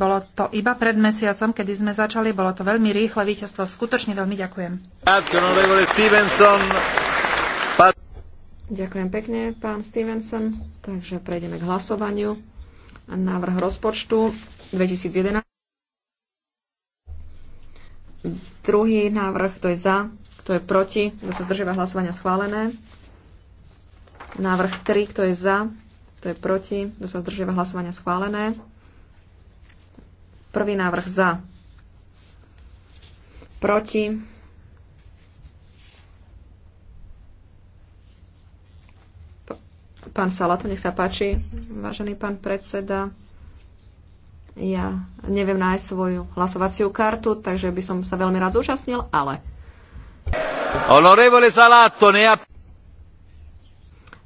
Bolo to iba pred mesiacom, kedy sme začali, bolo to veľmi rýchle víťazstvo. Skutočne veľmi ďakujem. Ďakujem pekne, pán Stevenson. Takže prejdeme k hlasovaniu. Návrh rozpočtu 2011. Druhý návrh, kto je za, kto je proti, kto sa zdržíva hlasovania schválené. Návrh 3, kto je za, kto je proti, kto sa zdržíva hlasovania schválené. Prvý návrh za. Proti. Pán Salato, nech sa páči. Vážený pán predseda, ja neviem nájsť svoju hlasovaciu kartu, takže by som sa veľmi rád zúčastnil, ale... Honorevole Salato, ne...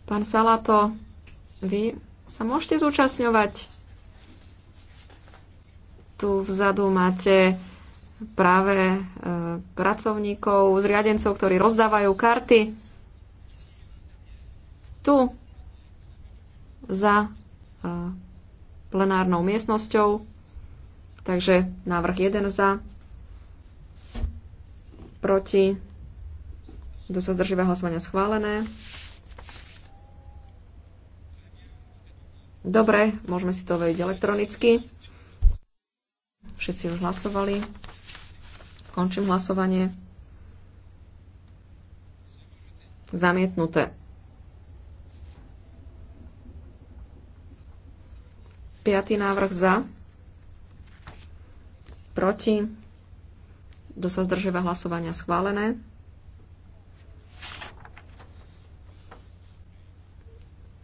Pán Salato, vy sa môžete zúčastňovať tu vzadu máte práve e, pracovníkov, zriadencov, ktorí rozdávajú karty. Tu za e, plenárnou miestnosťou. Takže návrh 1 za, proti, kto sa zdrží hlasovania schválené. Dobre, môžeme si to vedieť elektronicky. Všetci už hlasovali. Končím hlasovanie. Zamietnuté. Piatý návrh za. Proti. Kto sa zdržiava hlasovania schválené.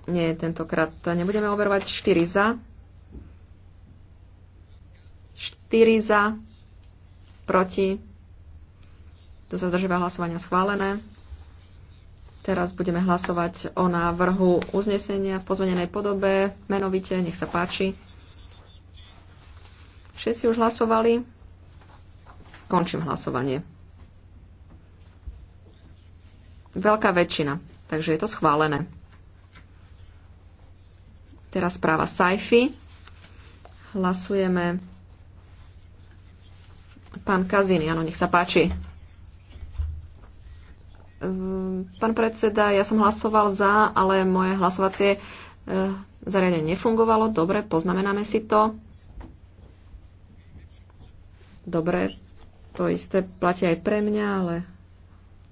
Nie, tentokrát nebudeme overovať. 4 za. 4 za, proti, kto sa zdržíva hlasovania schválené. Teraz budeme hlasovať o návrhu uznesenia v pozvenenej podobe, menovite, nech sa páči. Všetci už hlasovali. Končím hlasovanie. Veľká väčšina, takže je to schválené. Teraz správa SAIFI. Hlasujeme Pán Kaziny, áno, nech sa páči. Pán predseda, ja som hlasoval za, ale moje hlasovacie e, zariadenie nefungovalo. Dobre, poznamenáme si to. Dobre, to isté platí aj pre mňa, ale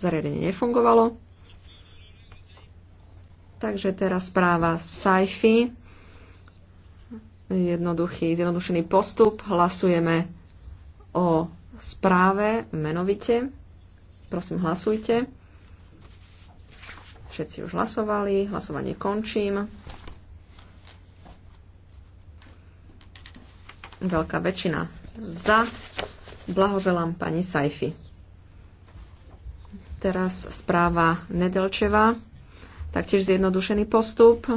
zariadenie nefungovalo. Takže teraz správa SciFi. Jednoduchý, zjednodušený postup. Hlasujeme o správe menovite. Prosím, hlasujte. Všetci už hlasovali. Hlasovanie končím. Veľká väčšina za. Blahoželám pani Saifi. Teraz správa Nedelčeva. Taktiež zjednodušený postup.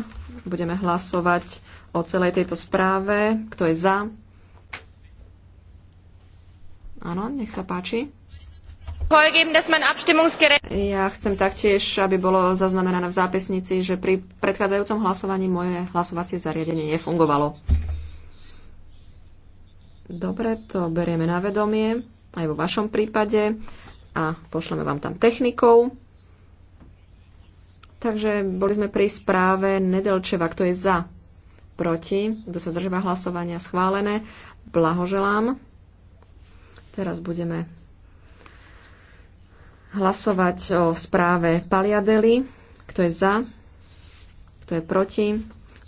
Budeme hlasovať o celej tejto správe. Kto je za, Áno, nech sa páči. Ja chcem taktiež, aby bolo zaznamenané v zápisnici, že pri predchádzajúcom hlasovaní moje hlasovacie zariadenie nefungovalo. Dobre, to berieme na vedomie, aj vo vašom prípade a pošleme vám tam technikou. Takže boli sme pri správe Nedelčeva, kto je za, proti, kto sa držíva hlasovania schválené. Blahoželám. Teraz budeme hlasovať o správe Paliadely. Kto je za? Kto je proti?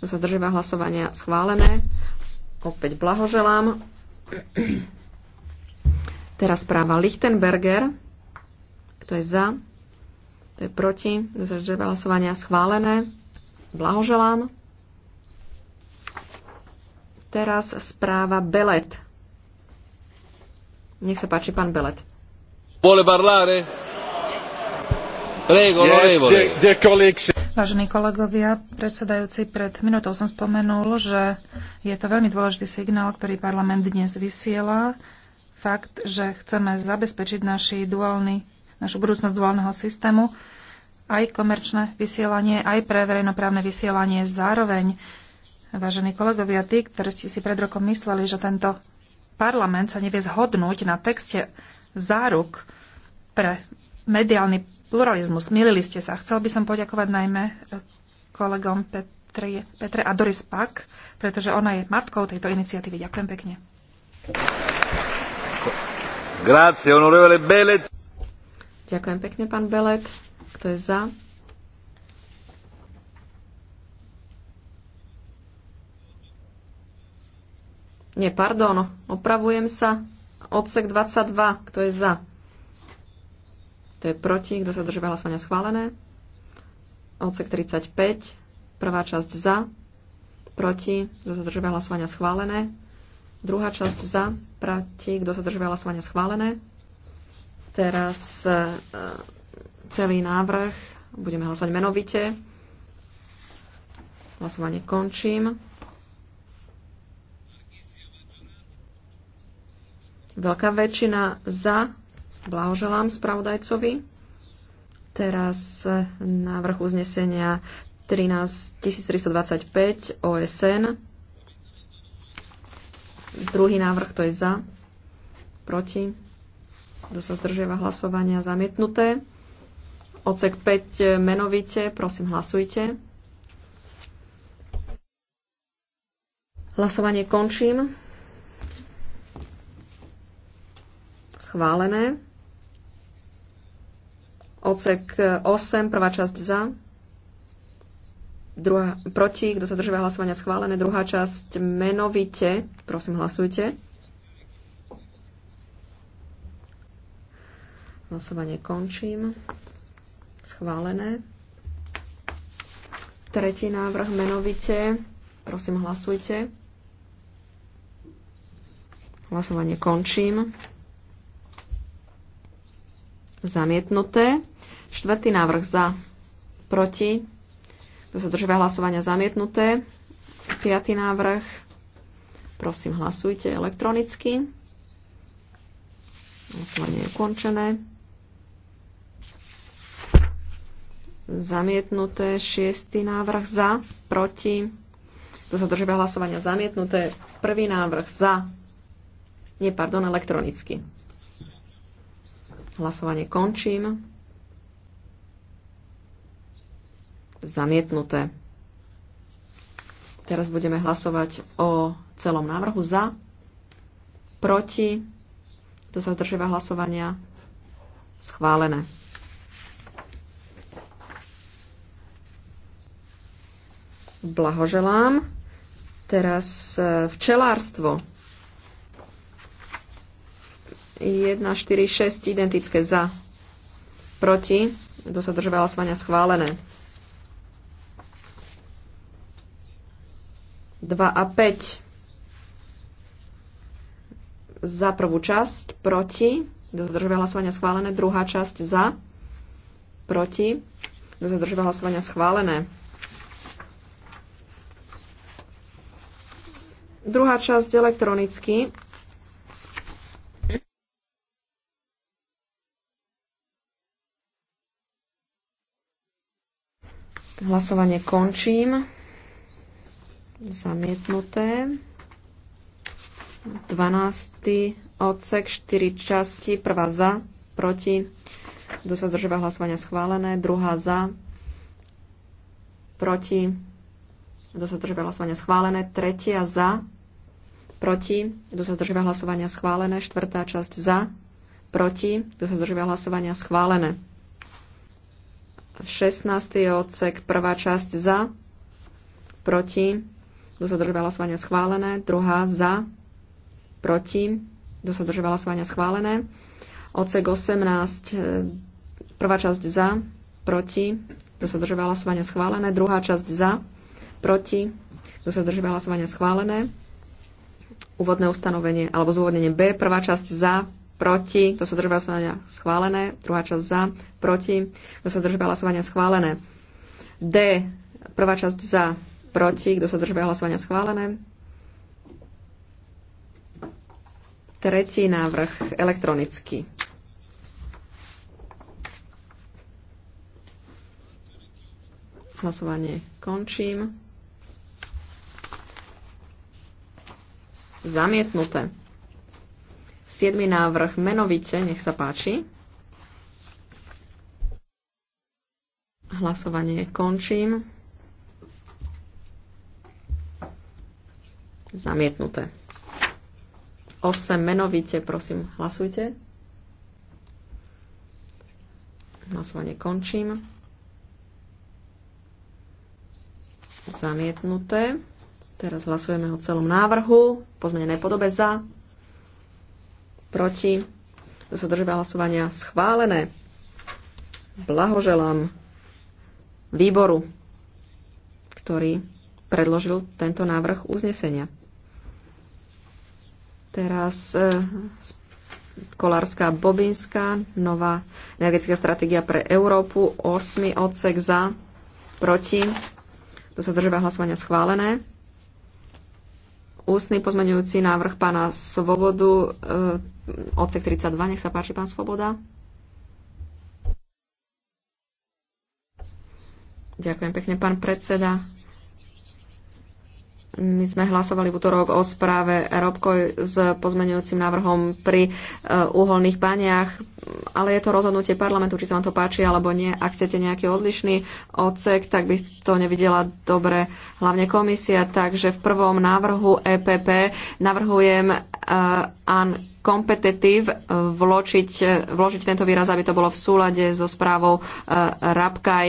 Kto sa držíva hlasovania? Schválené. Opäť blahoželám. Teraz správa Lichtenberger. Kto je za? Kto je proti? Kto sa držíva hlasovania? Schválené. Blahoželám. Teraz správa Belet. Nech sa páči, pán Belet. Vole parlare? Prego, yes, Vážení kolegovia, predsedajúci, pred minútou som spomenul, že je to veľmi dôležitý signál, ktorý parlament dnes vysiela. Fakt, že chceme zabezpečiť naši duálny, našu budúcnosť duálneho systému, aj komerčné vysielanie, aj pre verejnoprávne vysielanie zároveň. Vážení kolegovia, tí, ktorí ste si pred rokom mysleli, že tento parlament sa nevie zhodnúť na texte záruk pre mediálny pluralizmus. Milili ste sa. Chcel by som poďakovať najmä eh, kolegom Petre, Petre a Doris Pak, pretože ona je matkou tejto iniciatívy. Ďakujem pekne. Grazie, Ďakujem pekne, pán Belet. Kto je za? Nie, pardon, opravujem sa. Odsek 22, kto je za? To je proti? Kto sa držíva hlasovania schválené? Odsek 35, prvá časť za, proti, kto sa držíva hlasovania schválené. Druhá časť za, proti, kto sa držíva hlasovania schválené. Teraz e, celý návrh budeme hlasovať menovite. Hlasovanie končím. Veľká väčšina za. Blahoželám spravodajcovi. Teraz na vrchu uznesenia 13325 OSN. Druhý návrh to je za. Proti. Kto sa zdržiava hlasovania zamietnuté. Ocek 5 menovite. Prosím, hlasujte. Hlasovanie končím. schválené. Ocek 8, e, prvá časť za, druhá, proti, kto sa držia hlasovania schválené, druhá časť menovite, prosím hlasujte. Hlasovanie končím. Schválené. Tretí návrh menovite, prosím hlasujte. Hlasovanie končím zamietnuté. Štvrtý návrh za, proti, kto sa držia hlasovania zamietnuté. Piatý návrh, prosím hlasujte elektronicky. Hlasovanie je ukončené. Zamietnuté šiestý návrh za, proti. Kto sa držia hlasovania zamietnuté. Prvý návrh za. Nie, pardon, elektronicky. Hlasovanie končím. Zamietnuté. Teraz budeme hlasovať o celom návrhu za, proti, kto sa zdržíva hlasovania, schválené. Blahoželám. Teraz eh, včelárstvo. 1, 4, 6 identické za. Proti. Kto sa držal hlasovania schválené. 2 a 5 za prvú časť, proti, kto zdržuje hlasovania schválené, druhá časť za, proti, kto sa zdržuje hlasovania schválené. Druhá časť elektronicky. Hlasovanie končím. Zamietnuté. 12. odsek, 4 časti, prvá za, proti. Kto sa zdržíva hlasovania schválené, druhá za, proti. Kto sa zdržíva hlasovania schválené, tretia za, proti. Kto sa zdržíva hlasovania schválené, štvrtá časť za, proti. Kto sa zdržíva hlasovania schválené. 16. odsek, prvá časť za, proti, kto sa drží hlasovania schválené, druhá za, proti, kto sa drží hlasovania schválené, odsek 18, e, prvá časť za, proti, kto sa drží hlasovania schválené, druhá časť za, proti, kto sa drží hlasovania schválené, úvodné ustanovenie alebo zúvodnenie B, prvá časť za, proti, kto sa držal hlasovania schválené, druhá časť za, proti, kto sa držal hlasovania schválené. D, prvá časť za, proti, kto sa držal hlasovania schválené. Tretí návrh elektronicky. Hlasovanie končím. Zamietnuté. Siedmy návrh menovite, nech sa páči. Hlasovanie končím. Zamietnuté. 8 menovite, prosím, hlasujte. Hlasovanie končím. Zamietnuté. Teraz hlasujeme o celom návrhu. Pozmenené podobe za, proti, kto sa drží hlasovania, schválené. Blahoželám výboru, ktorý predložil tento návrh uznesenia. Teraz e, Kolárska Bobinská, nová energetická stratégia pre Európu, 8 odsek za, proti, tu sa zdržíva hlasovania schválené ústny pozmeňujúci návrh pána Svobodu, eh, odsek 32, nech sa páči, pán Svoboda. Ďakujem pekne, pán predseda. My sme hlasovali v útorok o správe Robkoj s pozmenujúcim návrhom pri e, uholných baniach, ale je to rozhodnutie parlamentu, či sa vám to páči alebo nie. Ak chcete nejaký odlišný odsek, tak by to nevidela dobre hlavne komisia. Takže v prvom návrhu EPP navrhujem e, an kompetitív e, vložiť, vložiť tento výraz, aby to bolo v súlade so správou Rabkaj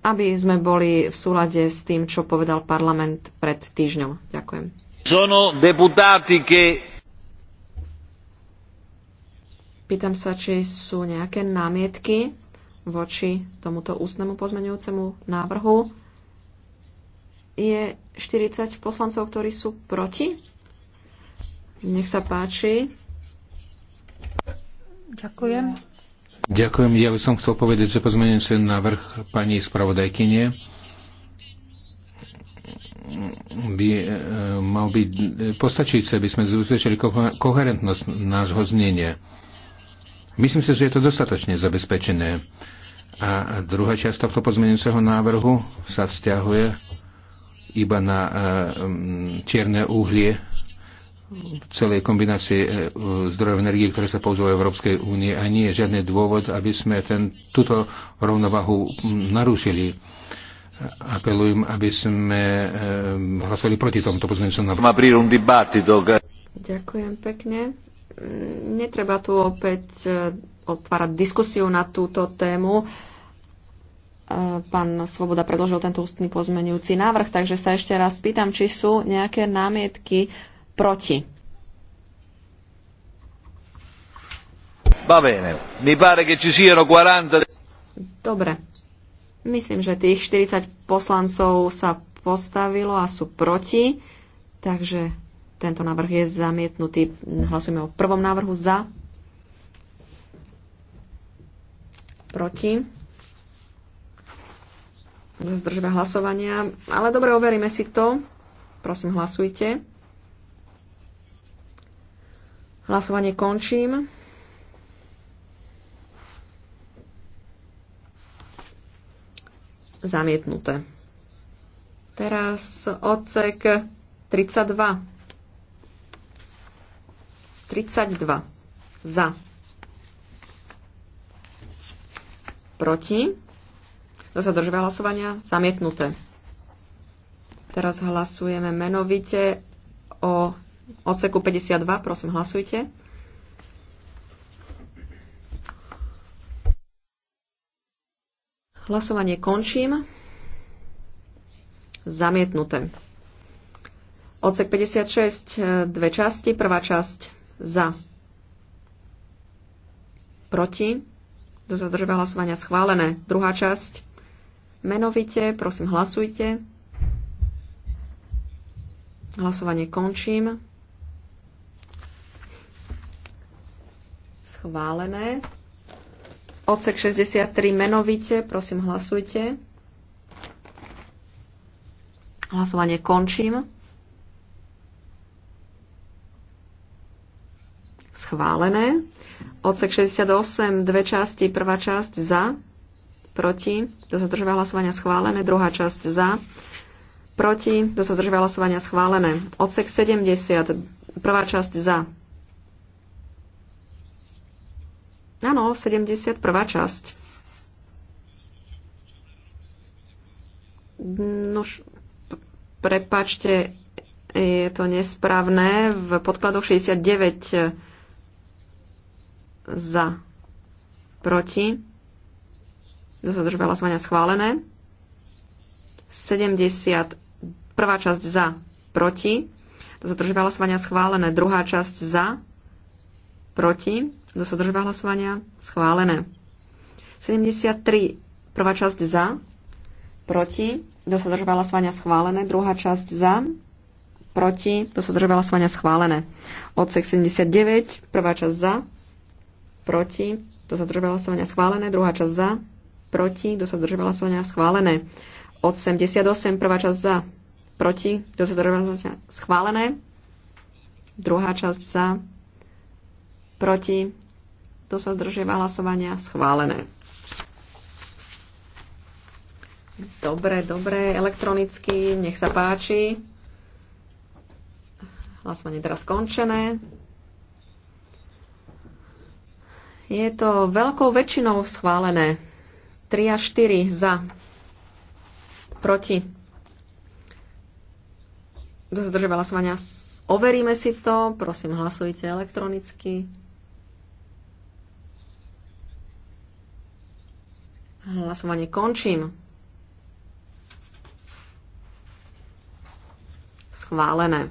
aby sme boli v súlade s tým, čo povedal parlament pred týždňom. Ďakujem. Sono deputati che... Pýtam sa, či sú nejaké námietky voči tomuto ústnemu pozmeňujúcemu návrhu. Je 40 poslancov, ktorí sú proti. Nech sa páči. Ďakujem. Ďakujem. Ja by som chcel povedať, že pozmením pozmenujúci návrh pani spravodajkynie by e, mal byť e, postačujúce, aby sme zúčili koherentnosť nášho znenia. Myslím si, že je to dostatočne zabezpečené. A druhá časť tohto pozmenujúceho návrhu sa vzťahuje iba na e, čierne uhlie celej kombinácie zdrojov energie, ktoré sa používajú v Európskej únie a nie je žiadny dôvod, aby sme ten, túto rovnovahu narušili. Apelujem, aby sme e, hlasovali proti tomuto pozmeňujúcemu návrhu. Ďakujem pekne. Mm, netreba tu opäť e, otvárať diskusiu na túto tému e, pán Svoboda predložil tento ústny pozmenujúci návrh, takže sa ešte raz pýtam, či sú nejaké námietky proti. Dobre. Myslím, že tých 40 poslancov sa postavilo a sú proti, takže tento návrh je zamietnutý. Hlasujeme o prvom návrhu za. Proti. Zdržba hlasovania. Ale dobre, overíme si to. Prosím, hlasujte. Hlasovanie končím. Zamietnuté. Teraz odsek 32. 32. Za. Proti. Kto sa držia hlasovania? Zamietnuté. Teraz hlasujeme menovite o odseku 52, prosím, hlasujte. Hlasovanie končím. Zamietnuté. Odsek 56, e, dve časti. Prvá časť za. Proti. Do zadržba hlasovania schválené. Druhá časť. Menovite, prosím, hlasujte. Hlasovanie končím. Schválené. Odsek 63 menovite. Prosím, hlasujte. Hlasovanie končím. Schválené. Odsek 68, dve časti. Prvá časť za, proti. Kto sa držia hlasovania schválené. Druhá časť za, proti. Kto sa držia hlasovania schválené. Odsek 70, prvá časť za, Áno, 71. časť. Nož, prepačte, je to nesprávne. V podkladoch 69 za, proti. Kto sa hlasovania schválené. 70, prvá časť za, proti. Kto sa hlasovania schválené. Druhá časť za, proti kto sa drží hlasovania? Schválené. 73. Prvá časť za. Proti. Kto sa drží hlasovania? Schválené. Druhá časť za. Proti. Kto sa drží hlasovania? Schválené. Odsek 79. Prvá časť za. Proti. Kto sa drží hlasovania? Schválené. Druhá časť za. Proti. Kto sa drží hlasovania? Schválené. 88. Prvá časť za. Proti. Kto sa drží hlasovania? Schválené. Druhá časť za proti, To sa zdržiava hlasovania, schválené. Dobre, dobre, elektronicky, nech sa páči. Hlasovanie teraz skončené. Je to veľkou väčšinou schválené. 3 a 4 za. Proti. Kto hlasovania? Overíme si to. Prosím, hlasujte elektronicky. Hlasovanie končím. Schválené.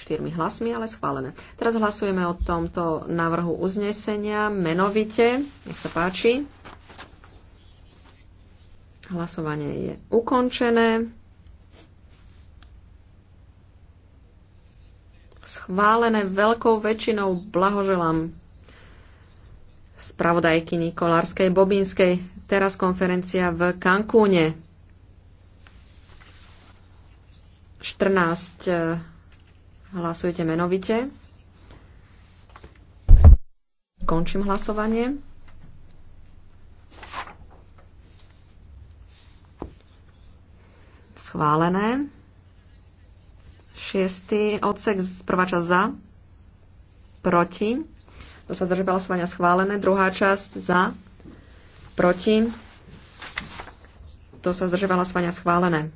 Štyrmi hlasmi, ale schválené. Teraz hlasujeme o tomto návrhu uznesenia menovite. Nech sa páči. Hlasovanie je ukončené. Schválené veľkou väčšinou. Blahoželám spravodajky Nikolárskej Bobinskej. Teraz konferencia v Cancúne. 14. Eh, hlasujete menovite. Končím hlasovanie. Schválené. Šiestý odsek, z prvá časť za, proti to sa zdržal hlasovania schválené. Druhá časť za. Proti. to sa zdržia hlasovania schválené.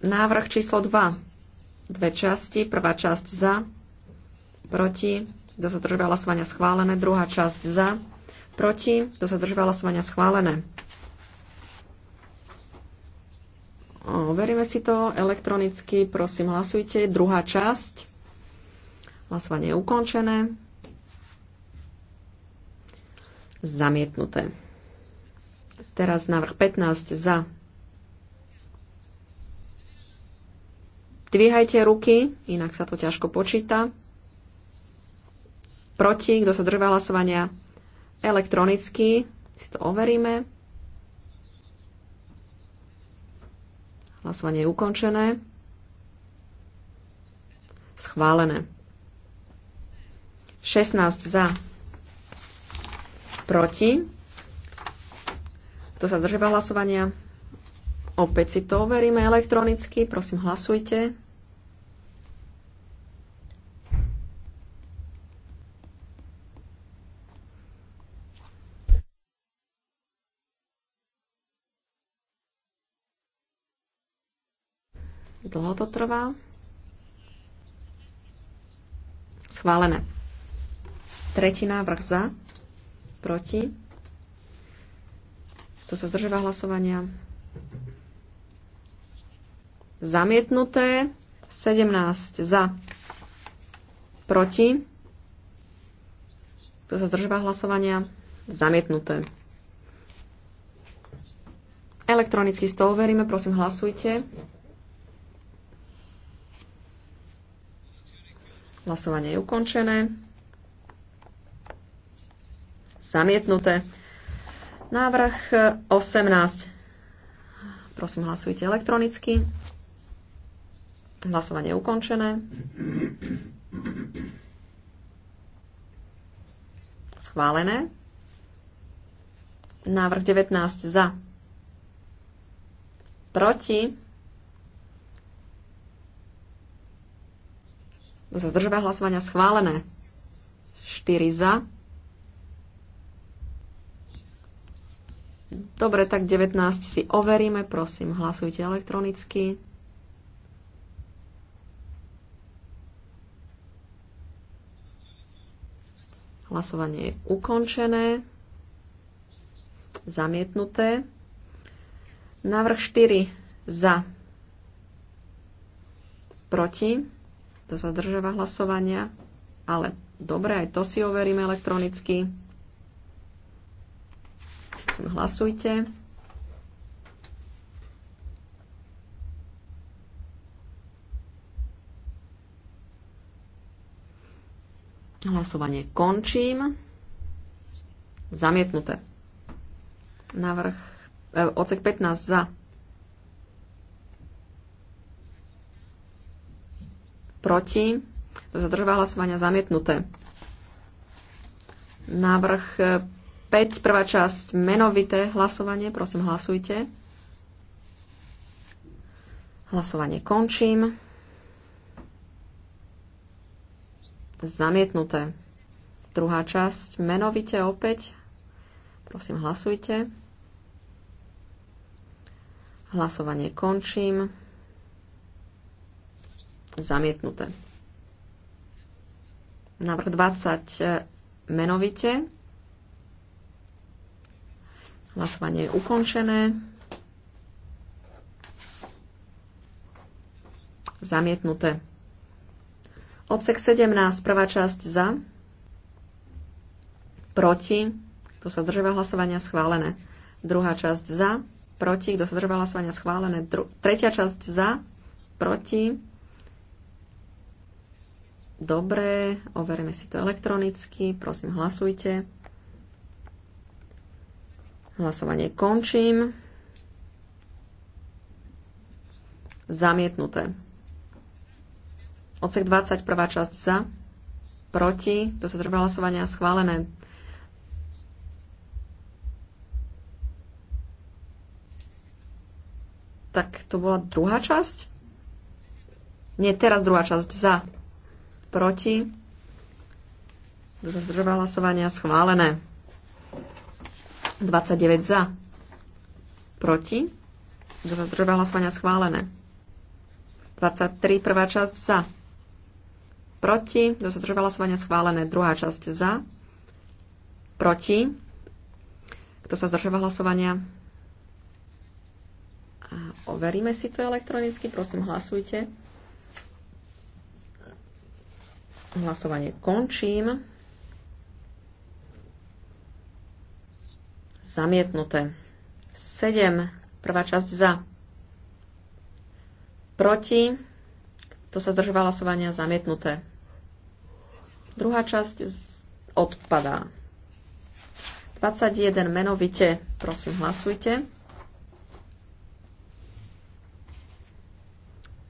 Návrh číslo 2. Dve časti. Prvá časť za. Proti. to sa zdržia hlasovania schválené. Druhá časť za. Proti. to sa zdržia hlasovania schválené. Overíme si to elektronicky. Prosím, hlasujte. Druhá časť. Hlasovanie je ukončené. Zamietnuté. Teraz návrh 15 za. Dvíhajte ruky, inak sa to ťažko počíta. Proti, kto sa drží hlasovania elektronicky, si to overíme. Hlasovanie je ukončené. Schválené. 16 za. Proti? Kto sa zdržíva hlasovania? Opäť si to overíme elektronicky. Prosím, hlasujte. Dlho to trvá. Schválené. Tretí návrh za proti. Kto sa zdržava hlasovania? Zamietnuté. 17 za. Proti. Kto sa zdržava hlasovania? Zamietnuté. Elektronicky stôl veríme, prosím hlasujte. Hlasovanie je ukončené zamietnuté. Návrh 18. E, Prosím, hlasujte elektronicky. Hlasovanie je ukončené. Schválené. Návrh 19 za. Proti. Za hlasovania schválené. 4 za. Dobre, tak 19 si overíme, prosím, hlasujte elektronicky. Hlasovanie je ukončené. Zamietnuté. Návrh 4 za. Proti. To zadržava hlasovania. Ale dobre, aj to si overíme elektronicky. Prosím, hlasujte. Hlasovanie končím. Zamietnuté. Navrh, eh, ocek 15 za. Proti. Zadržová hlasovania zamietnuté. Návrh 5, prvá časť, menovité hlasovanie. Prosím, hlasujte. Hlasovanie končím. Zamietnuté. Druhá časť, menovite opäť. Prosím, hlasujte. Hlasovanie končím. Zamietnuté. Návrh 20 menovite. Hlasovanie je ukončené. Zamietnuté. Odsek 17, prvá časť za, proti, kto sa držíva hlasovania, schválené. Druhá časť za, proti, kto sa držíva hlasovania, schválené. Dru- tretia časť za, proti. Dobre, overíme si to elektronicky, prosím hlasujte. Hlasovanie končím. Zamietnuté. Odsek 20, prvá časť za, proti, to sa trvá hlasovania, schválené. Tak to bola druhá časť? Nie, teraz druhá časť za, proti, to sa trvá hlasovania, schválené. 29 za. Proti. Zdržal hlasovania schválené. 23 prvá časť za. Proti. Kto sa hlasovania schválené. Druhá časť za. Proti. Kto sa zdržal hlasovania? A overíme si to elektronicky. Prosím, hlasujte. Hlasovanie končím. Zamietnuté. 7. Prvá časť za. Proti. Kto sa zdržal hlasovania? Zamietnuté. Druhá časť odpadá. 21 menovite. Prosím, hlasujte.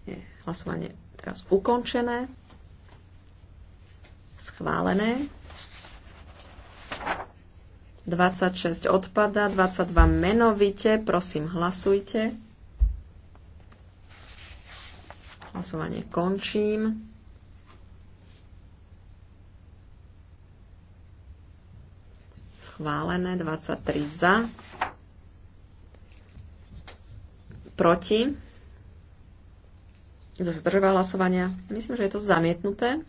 Je hlasovanie teraz ukončené. Schválené. 26 odpada, 22 menovite. Prosím, hlasujte. Hlasovanie končím. Schválené 23 za. Proti. Kto sa zdržoval hlasovania? Myslím, že je to zamietnuté.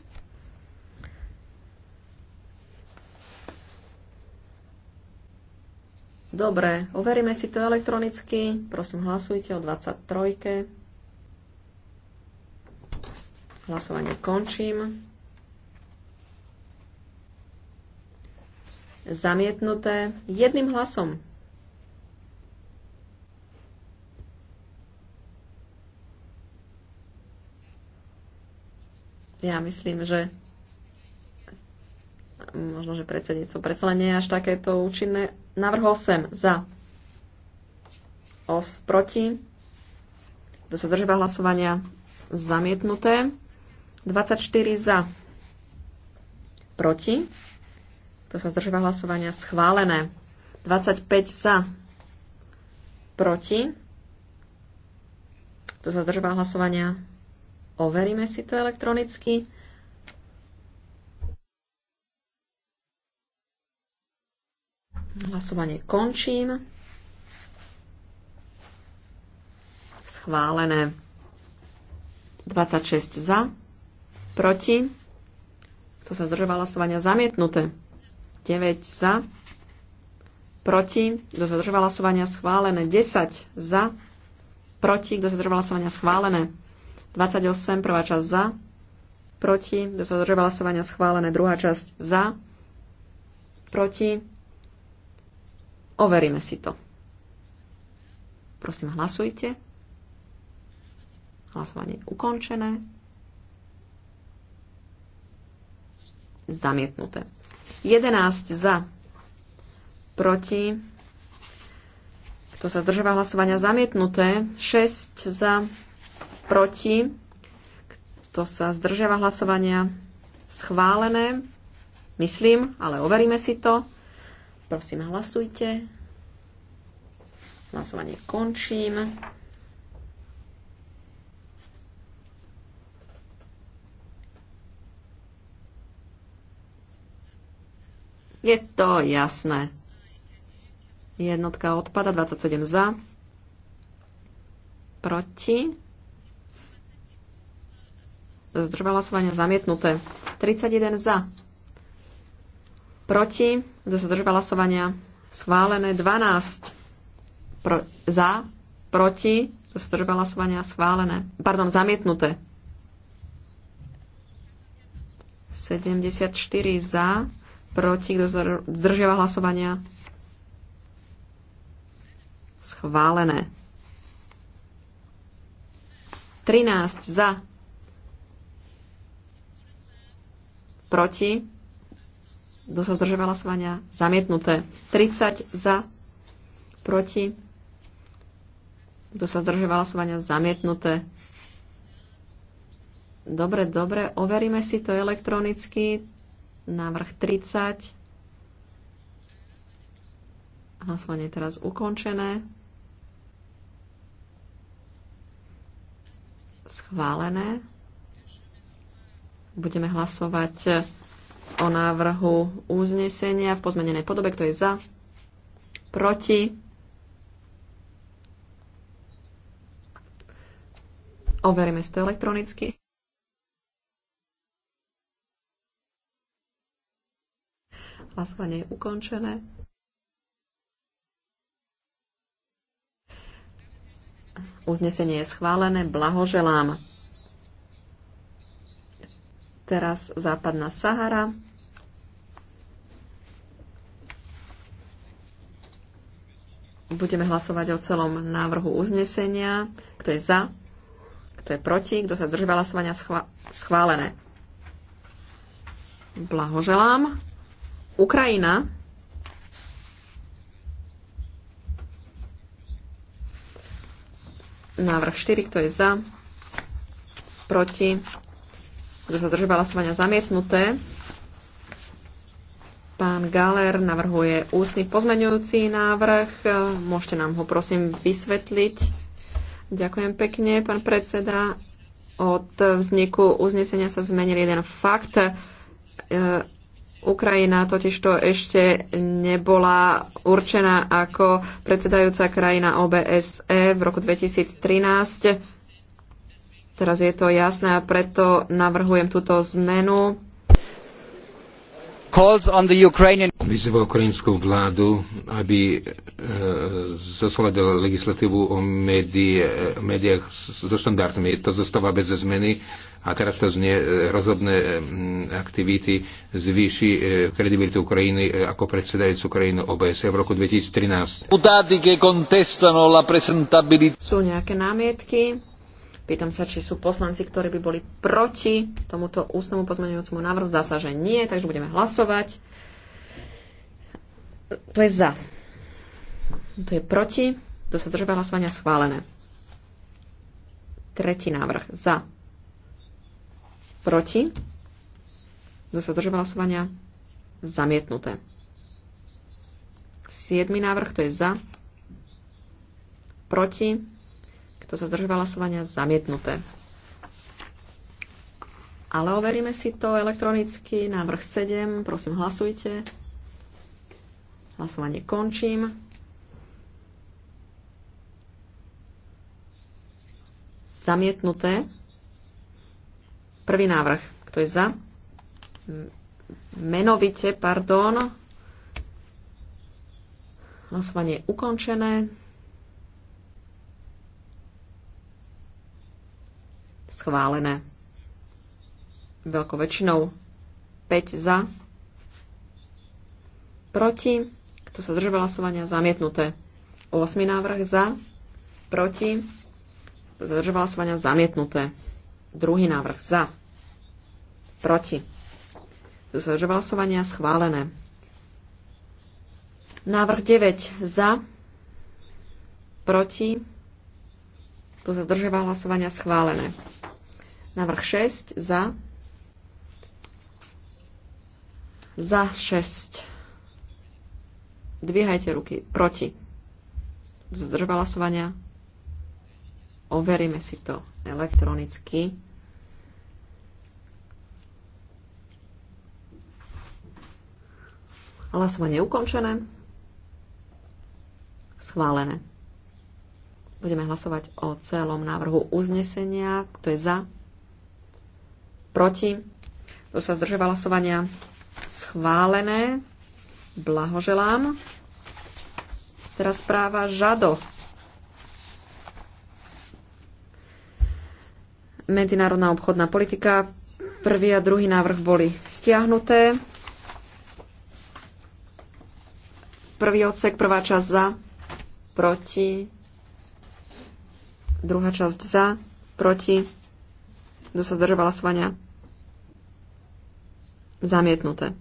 Dobre, overíme si to elektronicky. Prosím, hlasujte o 23. Hlasovanie končím. Zamietnuté jedným hlasom. Ja myslím, že možno, že predsedníctvo predsa nie je až takéto účinné Návrh 8 za. Os proti. Kto sa držíva hlasovania? Zamietnuté. 24 za. Proti. Kto sa zdržíva hlasovania? Schválené. 25 za. Proti. Kto sa zdržíva hlasovania? Overíme si to elektronicky. Hlasovanie končím. Schválené. 26 za, proti. Kto sa zdržoval hlasovania? Zamietnuté. 9 za, proti. Kto sa zdržoval hlasovania? Schválené. 10 za, proti. Kto sa zdržoval hlasovania? Schválené. 28, prvá časť za, proti. Kto sa zdržoval hlasovania? Schválené. Druhá časť za, proti Overíme si to. Prosím, hlasujte. Hlasovanie je ukončené. Zamietnuté. 11 za, proti, kto sa zdržáva hlasovania zamietnuté, 6 za, proti, kto sa zdržiava hlasovania schválené, myslím, ale overíme si to. Prosím, hlasujte. Hlasovanie končím. Je to jasné. Jednotka odpada, 27 za. Proti. Zdržba hlasovania zamietnuté. 31 za proti, kto sa držal hlasovania, schválené 12 pro, za, proti, kto sa držal hlasovania, schválené, pardon, zamietnuté. 74 za, proti, kto zdržiava hlasovania, schválené. 13 za, proti, kto sa zdržal hlasovania? Zamietnuté. 30 za, proti. Kto sa zdržal hlasovania? Zamietnuté. Dobre, dobre, overíme si to elektronicky. Návrh 30. Hlasovanie je teraz ukončené. Schválené. Budeme hlasovať o návrhu uznesenia v pozmenenej podobe. Kto je za? Proti? Overíme to elektronicky. Hlasovanie je ukončené. Uznesenie je schválené. Blahoželám. Teraz západná Sahara. Budeme hlasovať o celom návrhu uznesenia. Kto je za? Kto je proti? Kto sa drží hlasovania? schválené. Blahoželám. Ukrajina. Návrh 4. Kto je za? Proti? Kto sa držba hlasovania zamietnuté? Pán Galer navrhuje ústny pozmeňujúci návrh. Môžete nám ho prosím vysvetliť. Ďakujem pekne, pán predseda. Od vzniku uznesenia sa zmenil jeden fakt. E, Ukrajina to ešte nebola určená ako predsedajúca krajina OBSE v roku 2013 Teraz je to jasné a preto navrhujem túto zmenu. Calls on the Ukrainian... Vyzýva ukrajinskú vládu, aby e, zosledala legislatívu o médii, e, médiách so štandardmi. To zostáva bez zmeny a teraz to znie e, rozhodné e, aktivity zvýši kredibilitu Ukrajiny ako predsedajúcu Ukrajinu OBS v roku 2013. Sú nejaké námietky? Pýtam sa, či sú poslanci, ktorí by boli proti tomuto ústnemu pozmeňujúcemu návrhu. Zdá sa, že nie, takže budeme hlasovať. To je za. To je proti. To sa držba hlasovania schválené. Tretí návrh. Za. Proti. To sa držba hlasovania? Zamietnuté. Siedmy návrh, to je za. Proti. Kto sa zdržuje hlasovania? Zamietnuté. Ale overíme si to elektronicky. Návrh 7. Prosím, hlasujte. Hlasovanie končím. Zamietnuté. Prvý návrh. Kto je za? Menovite, pardon. Hlasovanie je ukončené. schválené. Veľkou väčšinou 5 za, proti, kto sa zdržal hlasovania, zamietnuté. 8 návrh za, proti, kto sa zdržal hlasovania, zamietnuté. Druhý návrh za, proti, kto sa zdržal hlasovania, schválené. Návrh 9 za, proti, kto sa zdržal hlasovania, schválené. Navrh 6 za. Za 6. Dvíhajte ruky. Proti. Zdržbala svania. Overíme si to elektronicky. Hlasovanie ukončené. Schválené. Budeme hlasovať o celom návrhu uznesenia. Kto je za? proti, kto sa zdržal hlasovania, schválené, blahoželám. Teraz správa Žado. Medzinárodná obchodná politika. Prvý a druhý návrh boli stiahnuté. Prvý odsek, prvá časť za, proti, druhá časť za, proti, kto sa zdržal hlasovania, Zamietnuté.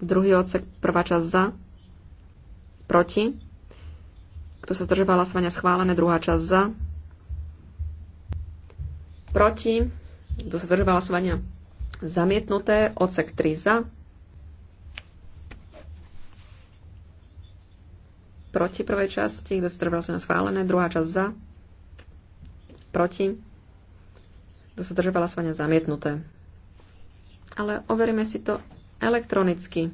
Druhý odsek, prvá časť za, proti. Kto sa zdržoval hlasovania schválené, druhá časť za, proti. Kto sa zdržoval hlasovania zamietnuté, odsek 3 za, proti prvej časti, kto sa zdržoval hlasovania schválené, druhá časť za, proti. Kto sa zdržoval hlasovania zamietnuté ale overíme si to elektronicky.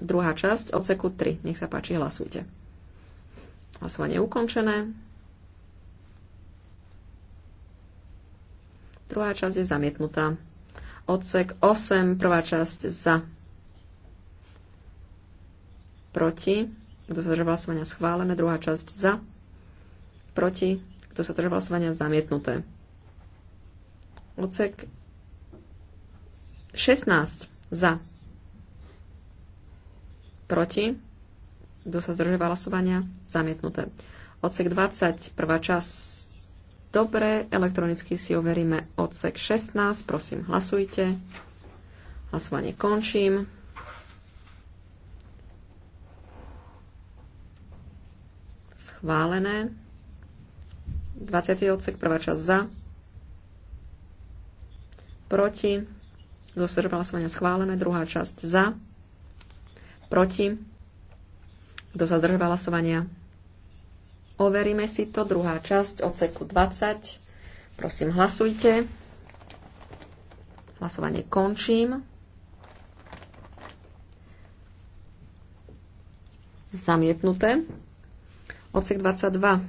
Druhá časť, odseku 3. Nech sa páči, hlasujte. Hlasovanie je ukončené. Druhá časť je zamietnutá. Odsek 8, prvá časť za. Proti. Kto sa držal hlasovania schválené, druhá časť za. Proti. Kto sa držal hlasovania zamietnuté. Odsek 16 za. Proti. Kto sa zdržuje hlasovania? Zamietnuté. Odsek 20, prvá časť. Dobre, elektronicky si overíme odsek 16. Prosím, hlasujte. Hlasovanie končím. Schválené. 20. odsek, prvá časť za. Proti zo hlasovania schválené, druhá časť za, proti, kto sa zdržal hlasovania. Overíme si to, druhá časť odseku 20. Prosím, hlasujte. Hlasovanie končím. Zamietnuté. Odsek 22.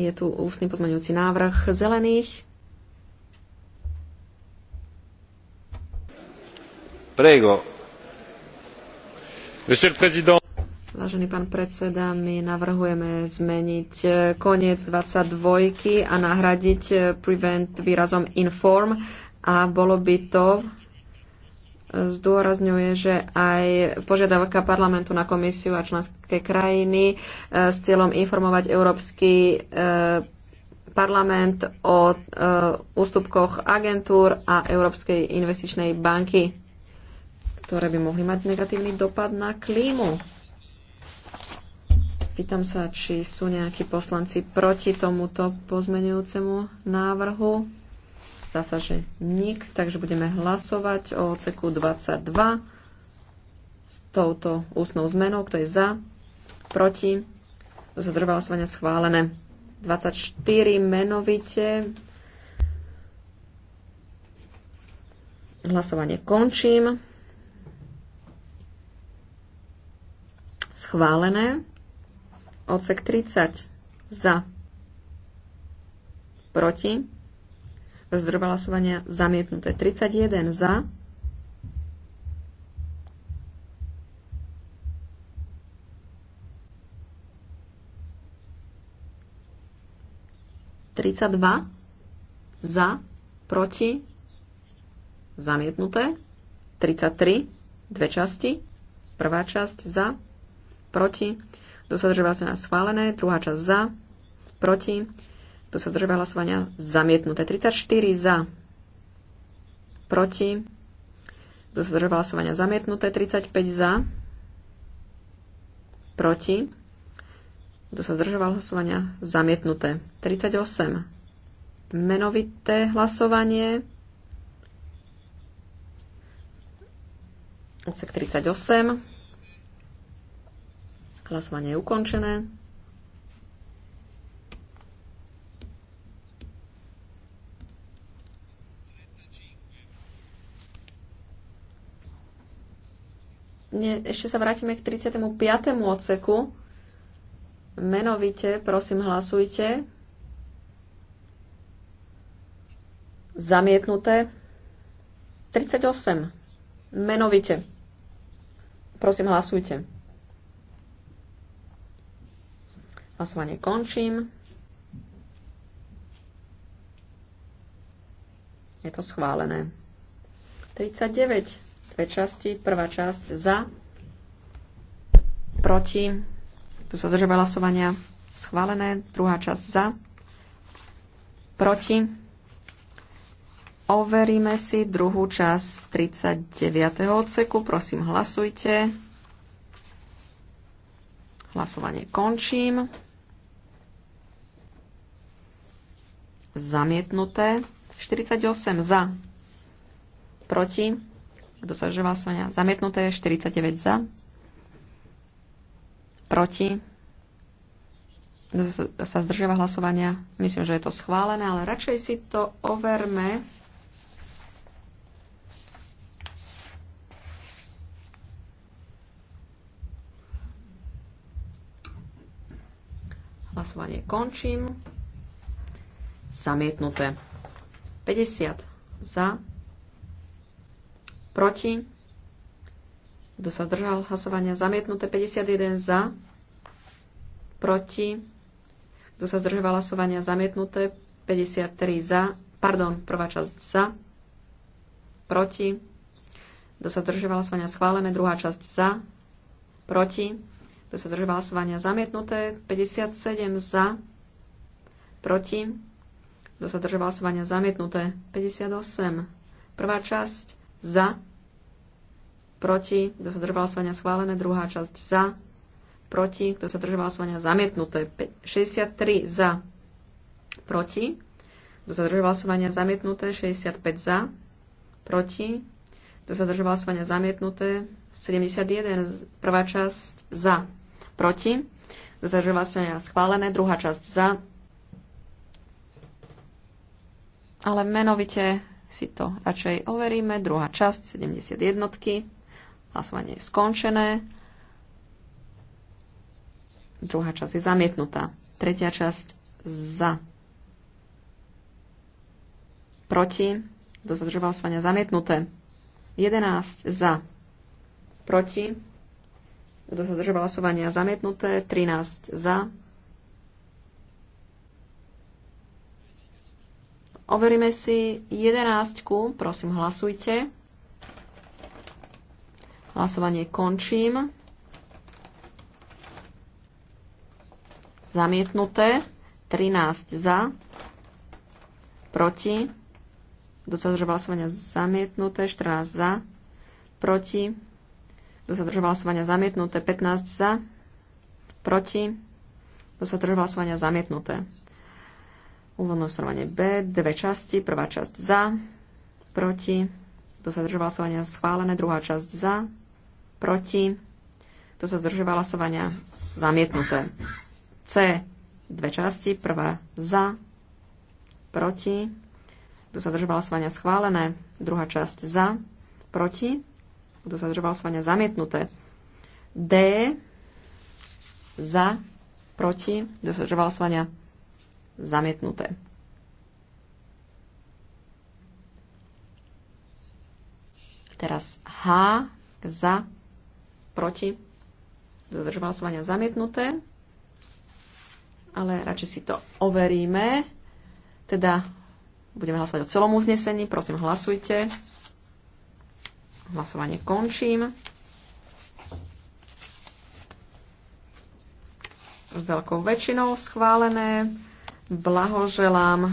Je tu ústny pozmeňujúci návrh zelených. Vážený pán predseda, my navrhujeme zmeniť eh, koniec 22 a nahradiť eh, prevent výrazom inform a bolo by to eh, zdôrazňuje, že aj požiadavka parlamentu na komisiu a členské krajiny s cieľom informovať Európsky parlament o ústupkoch agentúr a Európskej investičnej banky ktoré by mohli mať negatívny dopad na klímu. Pýtam sa, či sú nejakí poslanci proti tomuto pozmenujúcemu návrhu. Zdá sa, že nik, takže budeme hlasovať o oceku 22 s touto ústnou zmenou, kto je za, proti, kto sa hlasovania schválené. 24 menovite. Hlasovanie končím. Schválené. Odsek 30. Za. Proti. Zdroba hlasovania zamietnuté. 31 za. Tridsaťdva za, proti, zamietnuté. 33, dve časti. Prvá časť za, proti, kto sa zdržal hlasovania schválené, druhá časť za, proti, kto sa zdržal hlasovania zamietnuté, 34 za, proti, kto sa zdržal hlasovania zamietnuté, 35 za, proti, kto sa zdržoval hlasovania zamietnuté, 38 menovité hlasovanie, odsek 38, Hlasovanie je ukončené. Nie, ešte sa vrátime k 35. odseku. Menovite, prosím, hlasujte. Zamietnuté. 38. Menovite. Prosím, hlasujte. Hlasovanie končím. Je to schválené. 39. Dve časti. Prvá časť za. Proti. Tu sa zdržuje hlasovania. Schválené. Druhá časť za. Proti. Overíme si druhú časť 39. odseku. Prosím, hlasujte. Hlasovanie končím. Zamietnuté. 48 za. Proti. Kto sa zdržal hlasovania? Zamietnuté. 49 za. Proti. Kto sa zdržiava hlasovania? Myslím, že je to schválené, ale radšej si to overme. Hlasovanie končím. Zamietnuté. 50 za. Proti. Kto sa zdržal hlasovania? Zamietnuté. 51 za. Proti. Kto sa zdržal hlasovania? Zamietnuté. 53 za. Pardon, prvá časť za. Proti. Kto sa zdržal hlasovania? Schválené. Druhá časť za. Proti to sa drží hlasovania zamietnuté? 57 za. Proti. to sa drží hlasovania zamietnuté? 58. Prvá časť za. Proti. Kto sa držal hlasovania schválené? Druhá časť za. Proti. Kto sa držal hlasovania zamietnuté? 63 za. Proti. Kto sa držal hlasovania zamietnuté? 65 za. Proti. Kto sa držal hlasovania zamietnuté? 71, prvá časť za proti, zdržali hlasovania schválené, druhá časť za, ale menovite si to radšej overíme. Druhá časť, 71. Hlasovanie je skončené. Druhá časť je zamietnutá. Tretia časť za. Proti. Dozadržoval zamietnuté. 11 za. Proti. Kto sa drží hlasovania zamietnuté? 13 za. Overíme si 11. Prosím, hlasujte. Hlasovanie končím. Zamietnuté. 13 za. Proti. Kto sa hlasovania zamietnuté? 14 za. Proti kto sa držal hlasovania zamietnuté? 15 za. Proti. Kto sa držal hlasovania zamietnuté? Úvodné hlasovanie B. Dve časti. Prvá časť za. Proti. Kto sa držal hlasovania schválené? Druhá časť za. Proti. Kto sa zdržoval hlasovania? Zamietnuté. C. Dve časti. Prvá za. Proti. Kto sa zdržoval hlasovania? Schválené. Druhá časť za. Proti. Kto sa zdržal svania Zamietnuté. D. Za. Proti. Kto sa zdržal svania Zamietnuté. Teraz H. Za. Proti. Kto sa svania Zamietnuté. Ale radšej si to overíme. Teda budeme hlasovať o celom uznesení. Prosím, hlasujte. Hlasovanie končím. S veľkou väčšinou schválené. Blahoželám.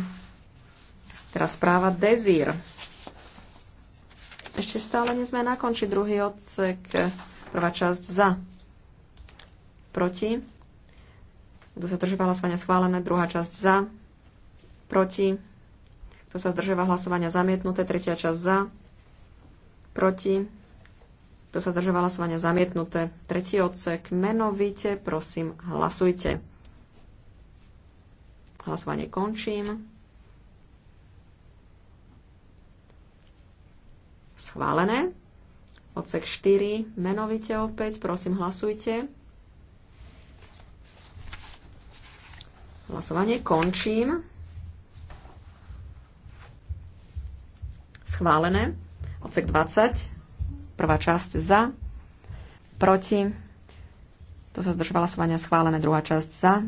Teraz správa Dezír. Ešte stále nie sme na konči. Druhý odsek. Prvá časť za. Proti. Kto sa držíva hlasovania schválené. Druhá časť za. Proti. Kto sa zdržiava hlasovania zamietnuté, tretia časť za, proti, To sa zdržal hlasovania zamietnuté. Tretí odsek, menovite, prosím, hlasujte. Hlasovanie končím. Schválené. Odsek 4, menovite opäť, prosím, hlasujte. Hlasovanie končím. Schválené. Odsek 20, prvá časť za, proti, to sa zdržalo hlasovania schválené, druhá časť za,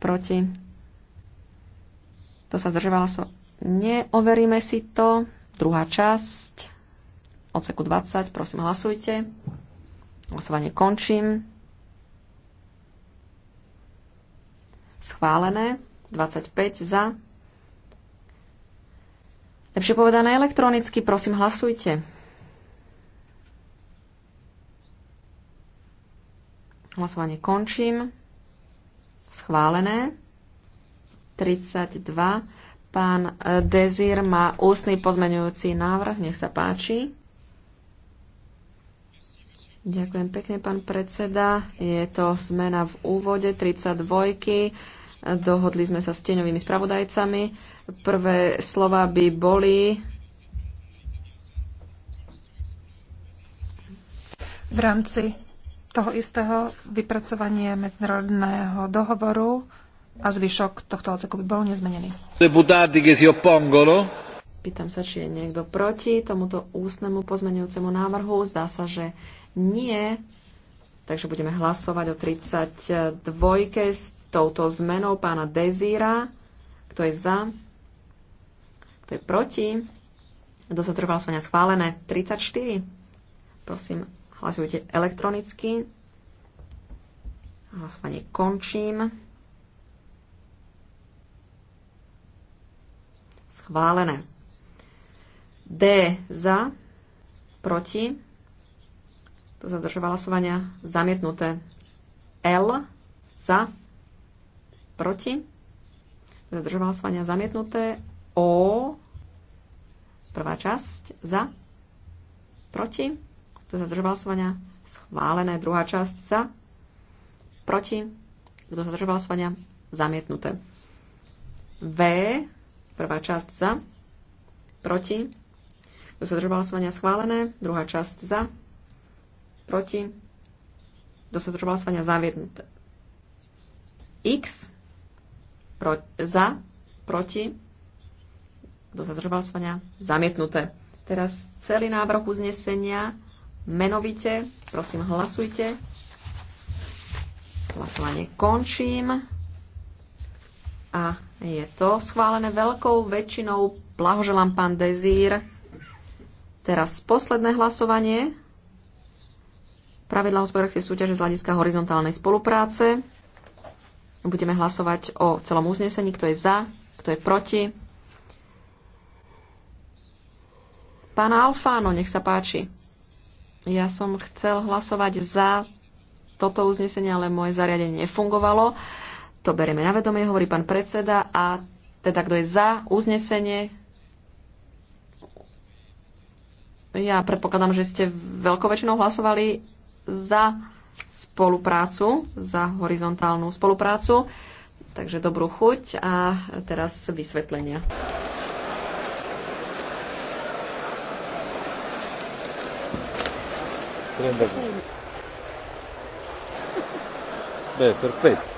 proti, to sa zdržalo so... Neoveríme si to. Druhá časť, odseku 20, prosím hlasujte. Hlasovanie končím. Schválené, 25 za, Lepšie povedané elektronicky, prosím, hlasujte. Hlasovanie končím. Schválené. 32. Pán e, Dezir má ústny pozmeňujúci návrh. Nech sa páči. Ďakujem pekne, pán predseda. Je to zmena v úvode 32. Dohodli sme sa s tieňovými spravodajcami. Prvé slova by boli v rámci toho istého vypracovania medzinárodného dohovoru a zvyšok tohto odseku by bol nezmenený. Pýtam sa, či je niekto proti tomuto ústnemu pozmenujúcemu návrhu. Zdá sa, že nie. Takže budeme hlasovať o 32 touto zmenou pána Dezíra. Kto je za? Kto je proti? Kto sa trval svania schválené? 34. Prosím, hlasujte elektronicky. Hlasovanie končím. Schválené. D za, proti. To zadržovala hlasovania. Zamietnuté. L za, proti, Zadržoval hlasovania zamietnuté, O, prvá časť, za, proti, kto zadržoval zdržal hlasovania, schválené, druhá časť, za, proti, kto zadržoval zdržal hlasovania, zamietnuté. V, prvá časť, za, proti, kto zadržoval zdržal hlasovania, schválené, druhá časť, za, proti, kto zadržoval zdržal hlasovania, zamietnuté. X, pro, za, proti, do sa zamietnuté. Teraz celý návrh uznesenia, menovite, prosím hlasujte. Hlasovanie končím. A je to schválené veľkou väčšinou. Blahoželám pán Dezír. Teraz posledné hlasovanie. Pravidla hospodárskej súťaže z hľadiska horizontálnej spolupráce. Budeme hlasovať o celom uznesení, kto je za, kto je proti. Pána Alfáno, nech sa páči. Ja som chcel hlasovať za toto uznesenie, ale moje zariadenie nefungovalo. To berieme na vedomie, hovorí pán predseda. A teda, kto je za uznesenie, ja predpokladám, že ste veľkou väčšinou hlasovali za spoluprácu, za horizontálnu spoluprácu. Takže dobrú chuť a teraz vysvetlenia. Beh, perfetto.